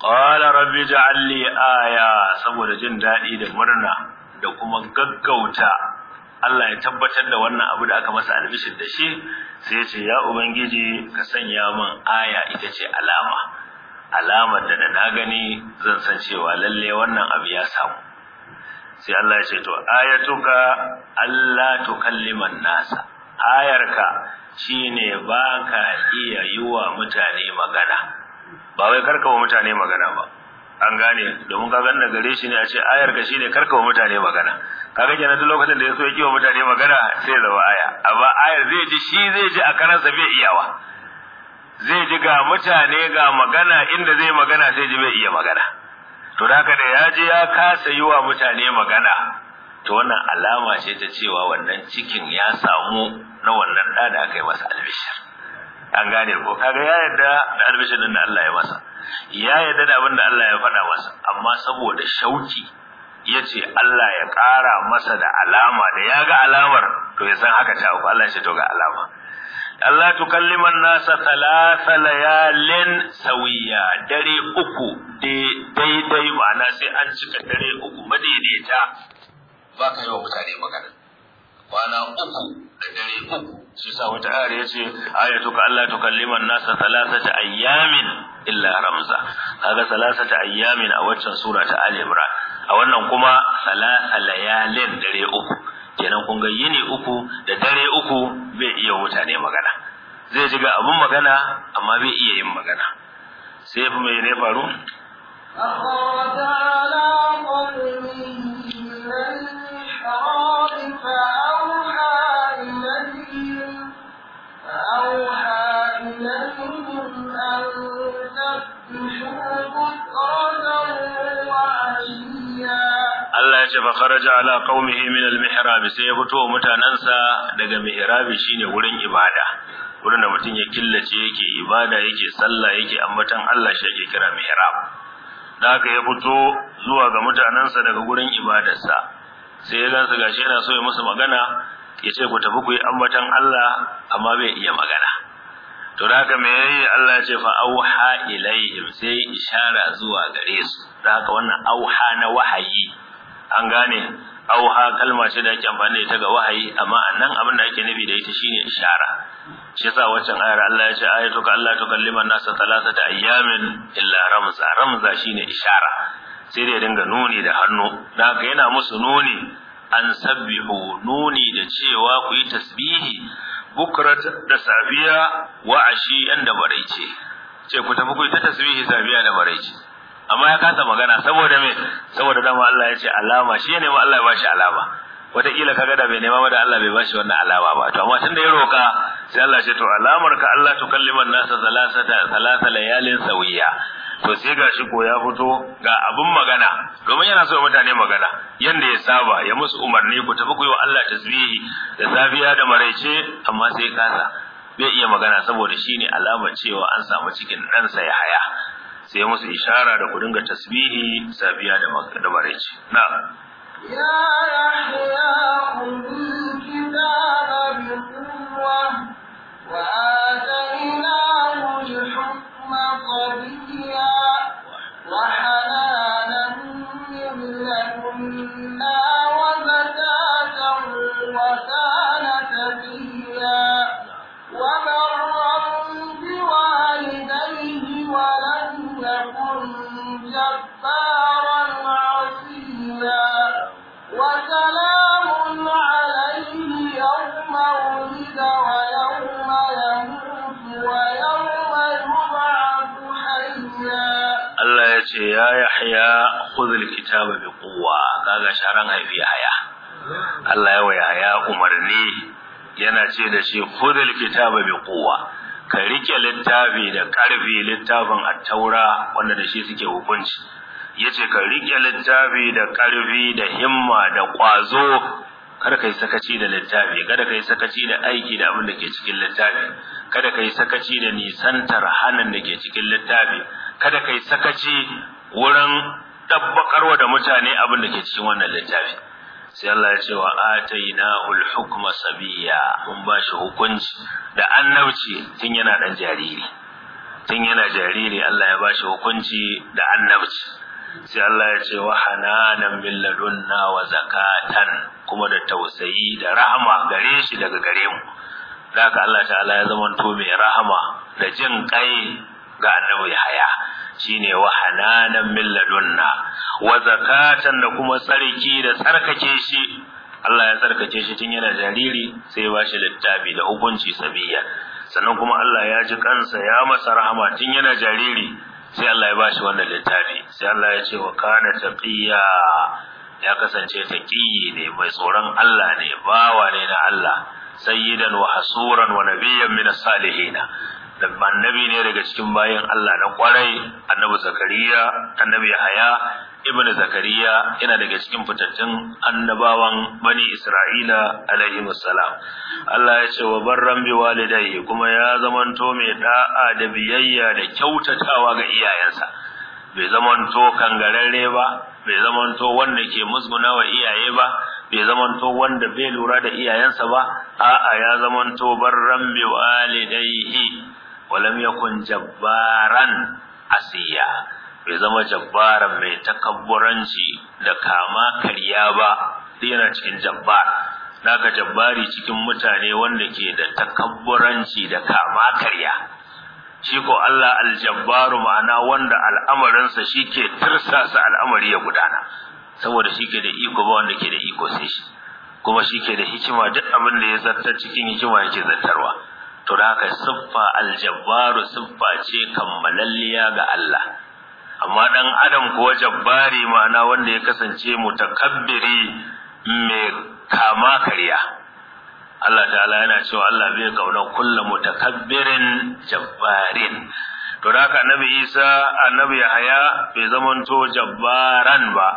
قال رب اجعل لي آية قال saboda jin daɗi da murna da kuma gaggauta Allah ya tabbatar da wannan abu da aka masa albishir da shi sai ya ce ya ubangiji ka sanya min aya ita ce alama alamar da na gani zan san cewa lalle wannan abu ya samu sai Allah ya ce to ayatuka Allah tukalliman nasa ayarka shine baka iya yiwa mutane magana ba wai karkawa mutane magana ba an gane domin ka ganna gare shi ne a ce ayar ka shine karkawa mutane magana kaga kenan duk lokacin da ya so ya kiwa mutane magana sai zama aya amma ayar zai ji shi zai ji a karansa bai iyawa zai ji ga mutane ga magana inda zai magana sai ji bai iya magana to da haka da ya je ya kasa yi wa mutane magana to wannan alama ce ta cewa wannan cikin ya samu na wannan da da aka yi masa albishir an gane ko kaga ya yarda da albishir din da Allah ya masa ya yarda da abin da Allah ya faɗa masa amma saboda shauki ya ce Allah ya ƙara masa da alama da ya ga alamar to ya san haka ta Allah ya ce to ga alama Allah tukalliman nasa talata layalin sawiya dare uku daidai ma'ana sai an cika dare uku madaidaita ba ka yi wa mutane magana kwana uku da dare uku shi sa wata ayar ya ce ayatu ka Allah tukalliman nasa ta ayyamin illa ramza kaga ta ayyamin a waccan sura ta Ali Imran a wannan kuma salasa layalin dare uku kenan kun ga yini uku da dare uku bai iya mutane magana zai ji ga abin magana amma bai iya yin magana sai ya fi mai ne faru Thank you. Allah ya ce fa kharaja ala qaumihi min al-mihrab sai ya fito mutanansa daga mihrab shine wurin ibada wurin da mutum ya killace yake ibada yake sallah yake ambatan Allah shi yake kira mihrab da haka ya fito zuwa ga mutanansa daga gurin ibadarsa sai ya gansu gashi yana so ya musu magana ya ce ku tafi ku yi ambatan Allah amma bai iya magana to da haka me yayi Allah ya ce fa auha ilaihim sai ishara zuwa gare su da haka wannan auha na wahayi an gane auha kalma ce da ake amfani da ita ga wahayi amma nan abin da ake nufi da ita shine ishara shi yasa waccan ayar Allah ya ce ka Allah tukallima nasa da ayyamin illa ramza ramza shine ishara sai da ya dinga nuni da hannu da haka yana musu nuni an sabbihu nuni da cewa ku yi tasbihi bukrat da safiya wa ashi yan da baraice ce ku tafi ku yi ta tasbihi safiya da baraice amma ya kasa magana saboda me saboda dama Allah ya ce alama shi ne ma Allah ya bashi alama wataƙila kaga da bai nema ba da Allah bai bashi wannan alama ba to amma tun da ya roka sai Allah ce to alamar ka Allah kalliman nasa salasata salasa layalin sawiya to sai ga shi ko ya fito ga abin magana domin yana so mutane magana yanda ya saba ya musu umarni ku tafi ku yi wa Allah tasbihi da safiya da maraice amma sai kasa bai iya magana saboda shine alamar cewa an samu cikin ɗansa ya haya sai musu ishara da ku dinga tasbihi safiya da da bareci Ya ya yahya khudhil kitaba bi quwwa wa atainahu al-hukma qadiya wa halalan min ladunna wa zakatan wa ce ya yahya khudhul kitaba bi quwwa kaga sharan haifi haya Allah ya waya ya umarni yana ce da shi khudhul kitaba bi quwwa ka rike littafi da karfi littafin at-taura wanda da shi suke hukunci yace ka rike littafi da karfi da himma da kwazo kada kai sakaci da littafi kada kai sakaci da aiki da abin da ke cikin littafi kada kai sakaci da nisantar tarhanan da ke cikin littafi kada kai sakaci wurin tabbakarwa da mutane abin da ke cikin wannan littafi sai Allah ya ce wa atainahu hukma sabiya mun ba shi hukunci da annabci tun yana dan jariri tun yana jariri Allah ya ba shi hukunci da annabci sai Allah ya ce wa hananan min ladunna wa zakatan kuma da tausayi da rahama gare shi daga gare mu da haka Allah ta'ala ya zama to mai rahama da jin kai ga annabi haya? shine wa hananan min ladunna wa zakatan da kuma tsarki da tsarkake shi Allah ya tsarkake shi tun yana jariri sai ya bashi littafi da hukunci sabiya sannan kuma Allah ya ji kansa ya masa rahama tun yana jariri sai Allah ya bashi wannan littafi sai Allah ya ce wa kana taqiya ya kasance taqiyi ne mai tsoron Allah ne bawa ne na Allah sayyidan wa hasuran wa nabiyyan min as-salihin daga annabi ne daga cikin bayan Allah na kwarai annabi zakariya annabi haya ibnu zakariya yana daga cikin fitattun annabawan bani isra'ila alaihi wassalam Allah ya ce wa barran bi walidayhi kuma ya zamanto mai da'a da biyayya da kyautatawa ga iyayensa bai zamanto kangararre ba bai zamanto wanda ke musguna wa iyaye ba bai zamanto wanda bai lura da iyayensa ba a'a ya zamanto barran bi walidayhi ولم يكن جبارا asiya bai zama jabbaran mai takabburanci da kama kariya ba duk yana cikin jabbar naga jabbari cikin mutane wanda ke da takabburanci da kama kariya. shi ko Allah aljabbaru ma'ana wanda al'amarinsa ke tirsasa al'amari ya gudana saboda shi ke da iko ba wanda ke da iko sai shi kuma shi ke da hikima duk abin da ya zartar cikin hikima yake zartarwa turaka da siffa aljabbaru siffa ce kammalalliya ga Allah amma dan adam kuwa jabbari ma'ana wanda ya kasance mutakabbiri mai kama kariya Allah ta'ala yana cewa Allah bai kauna kullu mutakabbirin jabbarin to da haka Isa annabi Yahaya bai zamanto jabbaran ba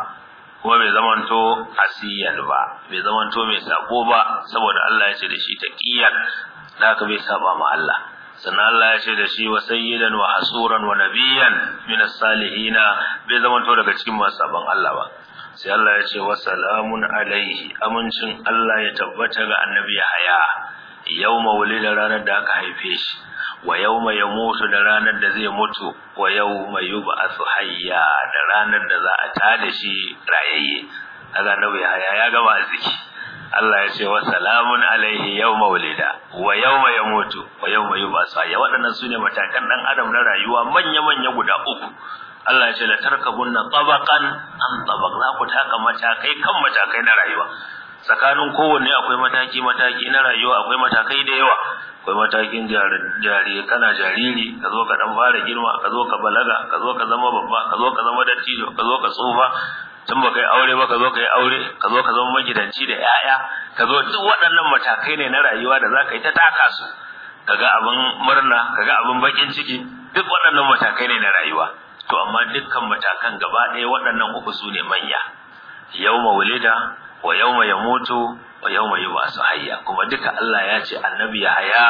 kuma bai zamanto asiyar ba bai zamanto mai sako ba saboda Allah ya ce da shi taqiyan da aka bai saba ma Allah sannan Allah ya ce da shi wa sayyidan wa hasuran wa nabiyan min as-salihina bai to daga cikin masu saban Allah ba sai Allah ya ce wa salamun alaihi amincin Allah ya tabbata ga annabi Yahaya yawma wulida ranar da aka haife shi wa yawma yamutu da ranar da zai mutu wa yawma yub'athu hayya da ranar da za a tada shi rayayye kaga Nabi Yahaya ya gama ziki. Allah ya ce wa salamun alaihi yau maulida wa yau ma ya mutu wa yau ma ya waɗannan su matakan ɗan adam na rayuwa manya-manya guda uku Allah ya ce la tarkabunna tabaqan an tabaq ku taka matakai kan matakai na rayuwa tsakanin kowanne akwai mataki mataki na rayuwa akwai matakai da yawa akwai matakin jari kana jariri ka zo ka dan fara girma ka zo ka balaga ka zo ka zama babba ka zo ka zama dattijo ka zo ka tsufa tun ba kai aure ba ka zo kai aure ka zo ka zama magidanci da 'ya'ya ka zo duk waɗannan matakai ne na rayuwa da za ka yi ta taka su kaga abin murna kaga abin bakin ciki duk waɗannan matakai ne na rayuwa to amma dukkan matakan gaba ɗaya waɗannan uku su ne manya yawma wulida wa ya yamutu wa yawma masu hayya kuma duka Allah ya ce annabi ya haya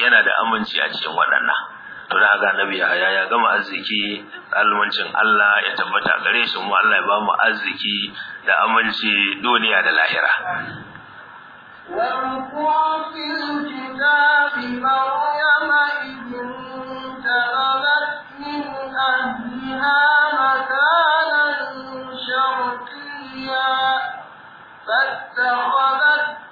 yana da aminci a cikin waɗannan to da haka Yahaya ya gama arziki almancin Allah ya tabbata gare shi mu Allah ya ba mu arziki da aminci duniya da lahira فاتخذت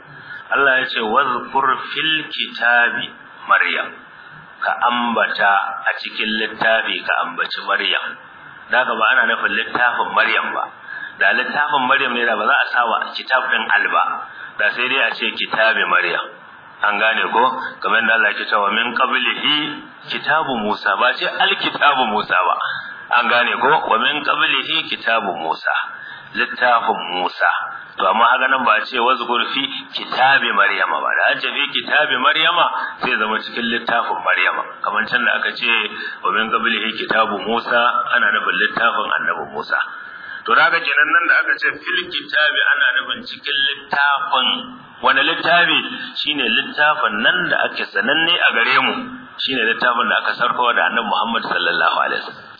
Allah ya ce wazkur fil kitabi maryam ka ambata a cikin littafi ka ambaci maryam ka ba ana nufin littafin maryam ba da littafin maryam ne da ba za a sawa kitab din alba da sai dai a ce kitabi maryam an gane ko kamar da Allah ya ce wa min qablihi kitabu musa ba ce alkitabu musa ba an gane ko wa min qablihi kitabu musa littafin musa to amma haka nan ba a ce wasu gurfi kitabi maryama ba da an fi kitabi maryama zai zama cikin littafin maryama kamar can da aka ce wa min qablihi kitabu musa ana nufin littafin annabin musa to aka kenan nan da aka ce fil kitabi ana nufin cikin littafin wani littafi shine littafin nan da ake sananne a gare mu shine littafin da aka sarfa da annabi Muhammad sallallahu alaihi wasallam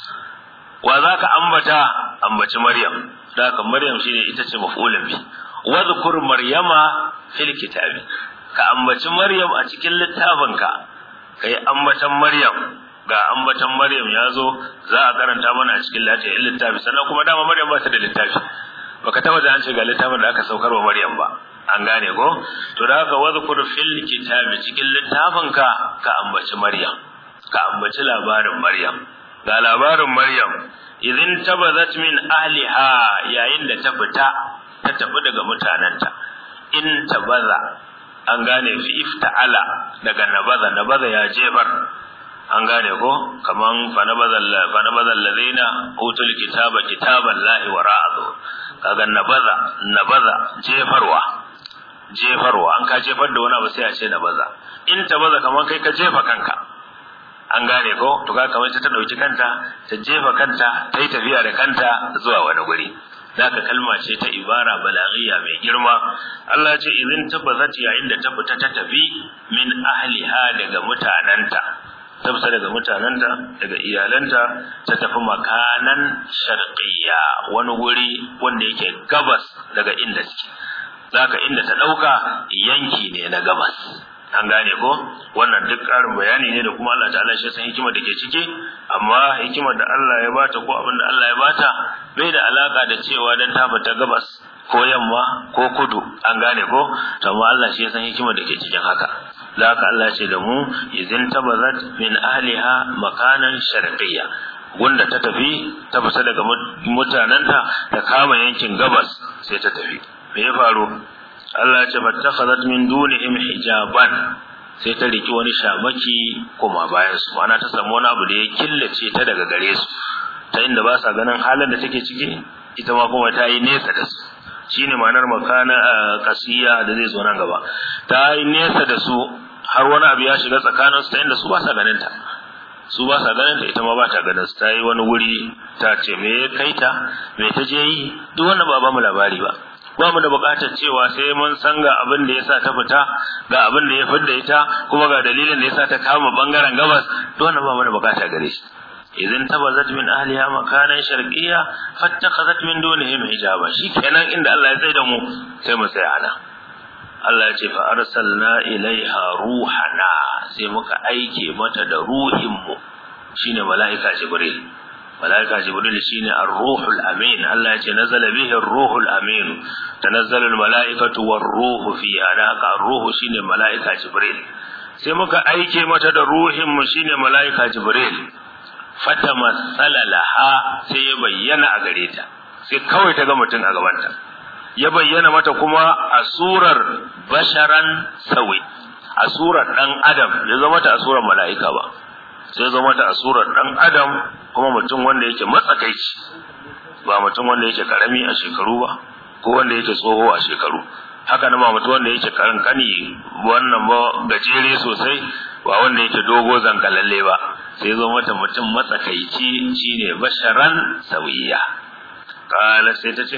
wa zaka ambata ambaci Maryam da haka maryam ne ita ce maf'ulun bi wadhkur maryama fil kitabi ka ambaci maryam a cikin littafinka kai ambatan maryam ga ambatan maryam ya zo za a karanta mana a cikin littafi sannan kuma dama maryam ba ta da littafi baka taba da an ce ga littafin da aka saukar wa maryam ba an gane ko to da haka wadhkur fil kitabi cikin littafinka ka ambaci maryam ka ambaci labarin maryam ga labarin Maryam idin tabazat min ahliha yayin da ta fita ta tafi daga mutananta in tabaza an gane fi ifta'ala daga nabaza nabaza ya jefar an gane ko kaman fa nabaza allazina utul kitaba kitaban lahi wa ra'adu kaga nabaza nabaza jefarwa jefarwa an ka jefar da wani abu sai a ce nabaza in tabaza kaman kai ka jefa kanka an gane ko to ga kamar ta dauki kanta ta jefa kanta ta yi tafiya da kanta zuwa wani guri zaka kalma ce ta ibara balaghiya mai girma Allah ce idan tabbazat yayin da ta fita ta tafi min ahliha daga mutananta fita daga mutananta daga iyalanta ta tafi makanan sharqiyya wani guri wanda yake gabas daga inda take zaka inda ta dauka yanki ne na gabas an gane ko wannan duk ƙarin bayani ne da kuma Allah ta'ala shi san hikimar da ke ciki amma hikimar da Allah ya bata ko abin da Allah ya bata bai da alaka da cewa dan ta bata gabas ko yamma ko kudu an gane ko to amma Allah shi san hikimar da ke cikin haka da ka Allah ce da mu izin tabazat min ahliha makanan sharqiyya gunda ta tafi ta fita daga mutanenta ta kama yankin gabas sai ta tafi me ya faru Allah ce fattakhazat min dunihim hijaban sai ta riki wani shamaki kuma bayan su ana ta samu wani abu da ya killace ta daga gare su ta inda ba sa ganin halin da take ciki ita ma kuma ta yi nesa da su shine ma'anar makana kasiya da zai zo nan gaba ta yi nesa da su har wani abu ya shiga tsakanin su ta inda su ba sa ganin ta su ba sa ganin ta ita ma ba ta ganin su ta yi wani wuri ta ce me kai ta me ta je yi duk wannan ba ba mu labari ba ba mu da buƙatar cewa sai mun san ga abin da yasa ta fita ga abin da ya fidda ita kuma ga dalilin da yasa ta kama bangaren gabas to wannan ba mu da buƙata gare shi idan tabazat min ahliha makanan sharqiyya fattakhazat min dunihim hijaba shikenan inda Allah ya tsaya da mu sai mu tsaya ana Allah ya ce fa arsalna ilaiha ruhana sai muka aike mata da ruhin mu shine mala'ika jibril malaika jibril shine ar-ruhul amin Allah yace nazala bihi ar-ruhul amin tanazzalu al-malaikatu war-ruhu fiha da haka ruhu shine malaika jibril sai muka aike mata da ruhin mu shine malaika jibril fatamassala laha sai ya bayyana a gare ta sai kawai ta ga mutum a gabanta ya bayyana mata kuma a surar basharan sawi a surar dan adam ya zama ta surar malaika ba sai zama a asurar dan adam kuma mutum wanda yake matsakaici ba mutum wanda yake karami a shekaru ba ko wanda yake tsoho a shekaru haka nan ba mutum wanda yake karin kani wannan ba gajere sosai ba wanda yake dogo zangalalle ba sai zo mata mutum matsakaici shine basharan sawiya qala sai ta ce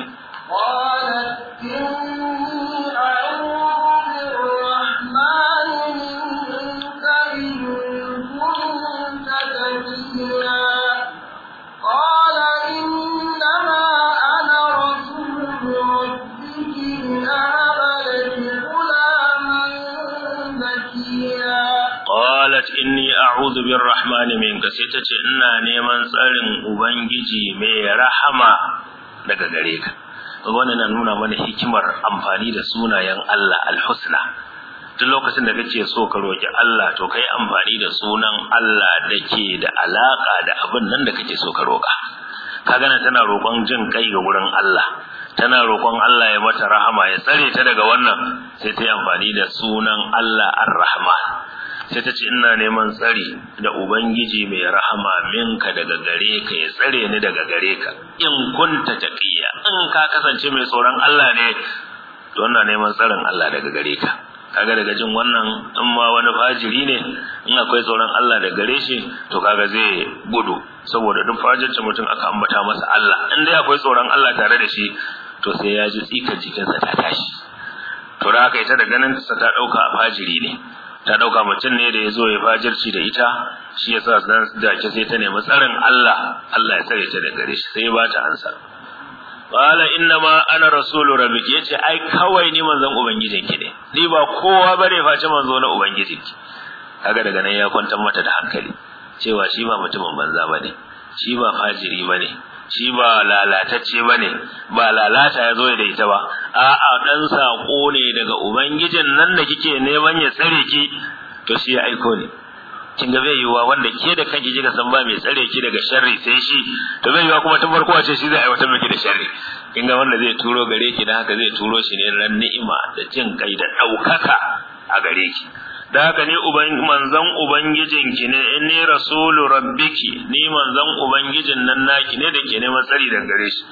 a'udhu birrahmani rahmani sai ta ce ina neman tsarin ubangiji mai rahama daga gare ka wannan na nuna mana hikimar amfani da sunayen Allah al-husna duk lokacin da kake so ka roki Allah to kai amfani da sunan Allah dake da alaka da abin nan da kake so ka roka kaga nan tana roƙon jin kai ga wurin Allah tana roƙon Allah ya mata rahama ya tsare ta daga wannan sai ta yi amfani da sunan Allah ar-rahman sai ta ce ina neman tsari da ubangiji mai rahama ka daga gare ka ya tsare ni daga gare ka in kunta taqiya in ka kasance mai tsoron Allah ne to ina neman tsarin Allah daga gare ka kaga daga jin wannan in ma wani fajiri ne in akwai tsoron Allah da gare shi to kaga zai gudu saboda duk fajirci mutum aka ambata masa Allah in dai akwai tsoron Allah tare da shi to sai ya ji tsikar jikinsa ta tashi to da haka ita da ganin ta ta dauka fajiri ne ta dauka mutum ne da ya zo ya fajirci da ita shi ya sa zan da ke sai ta nemi tsarin Allah Allah ya tsare ta da gare shi sai ba ta ansa qala inna ma ana rasulur rabbik yace ai kawai ni manzon ubangijin ki ne ni ba kowa bare face manzo na ubangijin ki. kaga daga nan ya kwantar mata da hankali cewa shi ba mutumin banza bane shi ba fajiri bane shi ba lalatacce ba ne ba lalata ya zo da ita ba a'a dan saƙo ne daga ubangijin nan da kike neman ya tsare ki to shi ya aiko ne kin ga bai yiwa wanda ke da kanki kika san ba mai tsare ki daga sharri sai shi to bai yiwa kuma tun farko a ce shi zai aiwatar miki da sharri kin ga wanda zai turo gare ki dan haka zai turo shi ne ran ni'ima da jin kai da ɗaukaka a gare ki da haka ne manzan ubangijin ubangijinki ne ni rasulu rabbiki ni manzan ubangijin nan naki ne da ke neman tsari gare shi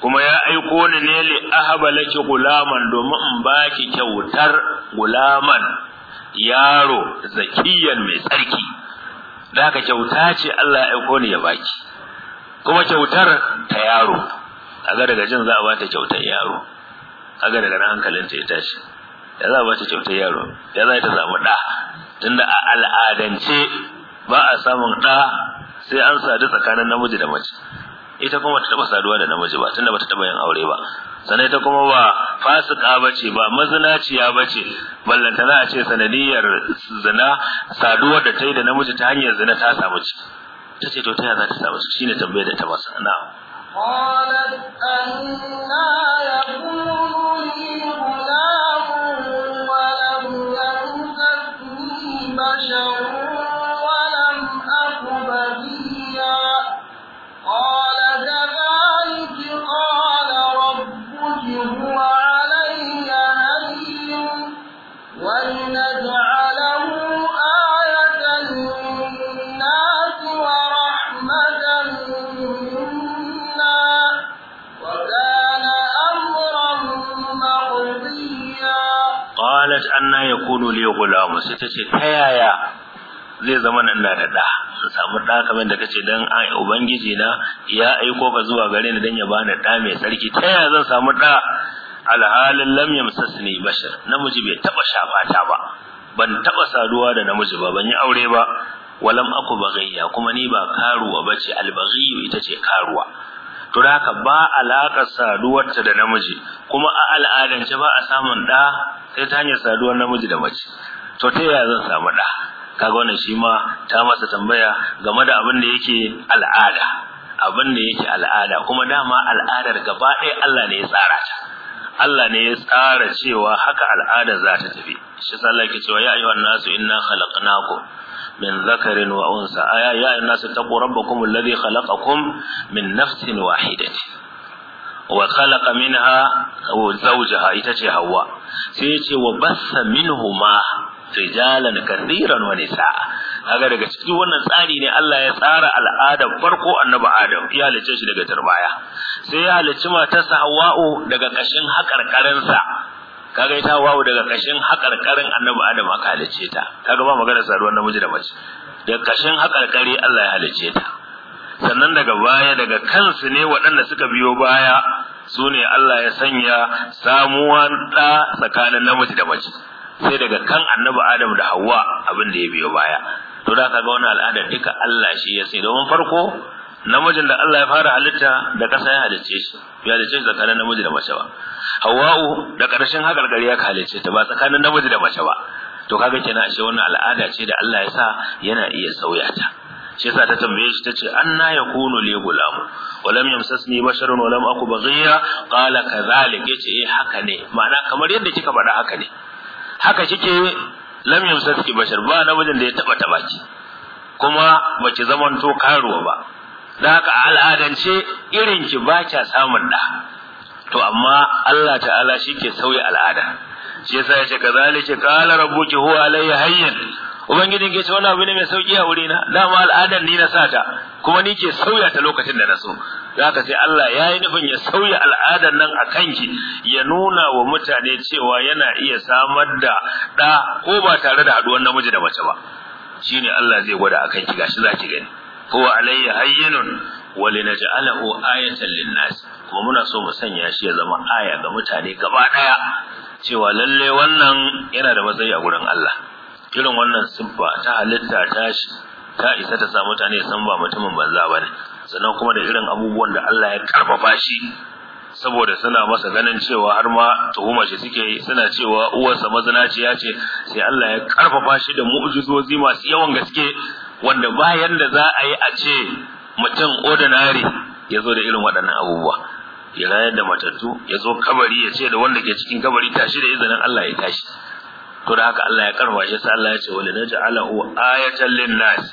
kuma ya aiko ni ne li ahaba gulaman domin in baki kyautar gulaman yaro zakiyan mai tsarki da haka kyauta ce Allah ya aiko ni ya baki kuma kyautar ta yaro ga daga jin za a bata kyautar yaro ga daga hankalinta ya tashi ya za ba kyautar yaro ya za ta samu ɗa tunda a al'adance ba a samun ɗa sai an sadu tsakanin namiji da mace ita kuma ta taɓa saduwa da namiji ba tunda ba ta taɓa yin aure ba sannan ita kuma ba fasika ba ce ba mazinaciya ba ce za a ce sanadiyar zina saduwar da ta yi da namiji ta hanyar zina ta samu ci ta ce to ta yaya za ta samu ci ne tambayar da ta masa na'am قالت أنا يكون li gulamu sai ta ce ta yaya zai zama nan na da da su samu da kamar da kace dan ai ubangiji na ya aiko ka zuwa gare ni dan ya bani ɗa mai sarki ta yaya zan samu da alhalin lam yamsasni bashar namiji bai taba shafata ba ban taba saduwa da namiji ba ban yi aure ba walam aku bagayya kuma ni ba karuwa bace albaghi ita ce karuwa to da haka ba alaƙar saduwarta da namiji kuma a al'adance ba a samun ɗa sai ta hanyar saduwar namiji da mace to ta yaya zan samu ɗa kaga wannan shi ma ta masa tambaya game da abin da yake al'ada abin da yake al'ada kuma dama al'adar gaba ɗaya Allah ne ya tsara ta Allah ne ya tsara cewa haka al'ada za ta tafi shi sallah ke cewa ya ayyuhan nasu inna khalaqnakum min zakarin wa unsa aya ya ayyuhan nasu taqu rabbakum alladhi khalaqakum min nafsin wahidatin wa khalaqa minha zawjaha ita ce Hauwa. sai ya ce wa bassa minhuma rijalan kathiran wa nisaa kaga daga ciki wannan tsari ne Allah ya tsara al'adar farko annabi Adam ya halice shi daga turbaya sai ya halici matarsa Hawwa'u daga kashin hakarkarinsa kaga ita wawo daga kashin hakarkarin annabi adam aka halice ta kaga ba magana na namiji da mace daga kashin haƙarƙari Allah ya halice ta sannan daga baya daga kansu ne waɗanda suka biyo baya sune Allah ya sanya samuwan ɗa tsakanin namiji da mace sai daga kan annabi adam da hawa abin da ya biyo baya to da kaga wannan al'ada duka Allah shi ya sai domin farko namijin da Allah ya fara halitta da kasa ya halicce shi ya halicce shi tsakanin namiji da mace ba Hawwa'u da ƙarshen hakarkari ya halicce ta ba tsakanin namiji da mace ba to kaga kenan ashe wannan al'ada ce da Allah ya sa yana iya sauya ta shi yasa ta tambaye shi tace anna yakunu li gulamu wa lam yamsasni basharun wa lam aku baghiya qala kadhalika yace eh haka ne ma'ana kamar yadda kika faɗa haka ne haka kike lam yamsaski bashar ba namijin da ya taba ba ki kuma ba baki zamanto karuwa ba da haka al'adance irin ki ba kya samun da to amma Allah ta'ala shi ke sauya al'ada shi yasa ya ce kazalika qala rabbuki huwa alayya hayyin ubangijin ke ce wani abu ne mai sauki a wuri na dama al'adar ni na sata kuma ni ke sauya ta lokacin da na so zaka sai Allah ya yi nufin ya sauya al'adar nan a kanki ya nuna wa mutane cewa yana iya samar da ɗa ko ba tare da haɗuwar namiji da mace ba Shi ne Allah zai gwada a kanki gashi za ki gani huwa alayya hayyinun wa linaj'alahu ayatan lin-nas kuma muna so mu sanya shi ya zama aya ga mutane gaba daya cewa lalle wannan yana da matsayi a gurin Allah irin wannan siffa ta halitta ta shi ta isa ta sa mutane san ba mutumin banza bane sannan kuma da irin abubuwan da Allah ya karfafa shi saboda suna masa ganin cewa har ma tuhuma shi suke suna cewa uwarsa mazinaciya ce sai Allah ya karfafa shi da mu'jizozi masu yawan gaske wanda bayan da za a yi a ce mutum ordinary ya zo da irin waɗannan abubuwa ya rayar da matattu ya zo kabari ya ce da wanda ke cikin kabari tashi da izinin Allah ya tashi to da haka Allah ya karwa shi sai Allah ya ce wala naj'alahu ayatan lin-nas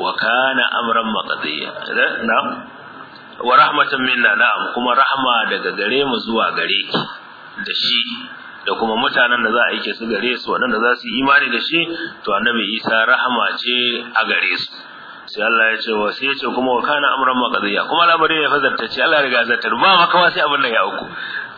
wa kana amran maqdiya eh, na'am wa rahmatan minna na'am kuma rahma daga gare mu zuwa gare ki da shi da kuma mutanen da za a ke su gare su waɗanda za su yi imani da shi to annabi isa rahama ce a gare su sai Allah ya ce wa sai ya ce kuma wa kana amran maqdiya kuma al'amari ne fazarta ce Allah ya riga zartar ba makawa sai abin nan ya uku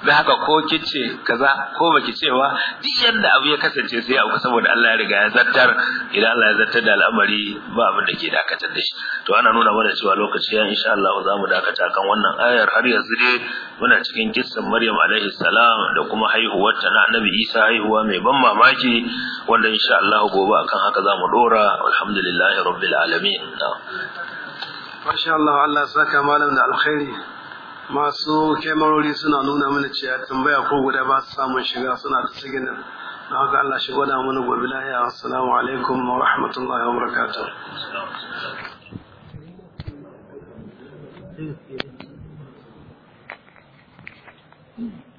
da haka ko kice kaza ko baki cewa duk yadda abu ya kasance sai abu saboda Allah ya riga ya zartar idan Allah ya zartar da al'amari ba abin da ke dakatar da shi to ana nuna mana cewa lokaci ya insha Allah za mu dakata kan wannan ayar har yanzu dai muna cikin kissan Maryam alaihi salam da kuma haihuwar ta na Annabi Isa haihuwa mai ban mamaki wanda insha Allah gobe akan haka za mu dora alhamdulillahi rabbil alamin Masha Allah Allah saka malam da alkhairi masu kyamarori suna nuna mana cewa tambaya ko guda ba su samun shiga suna ta nan na haka Allah shi gwada mana gobe lahiya assalamu alaikum wa rahmatullahi wa barakatuh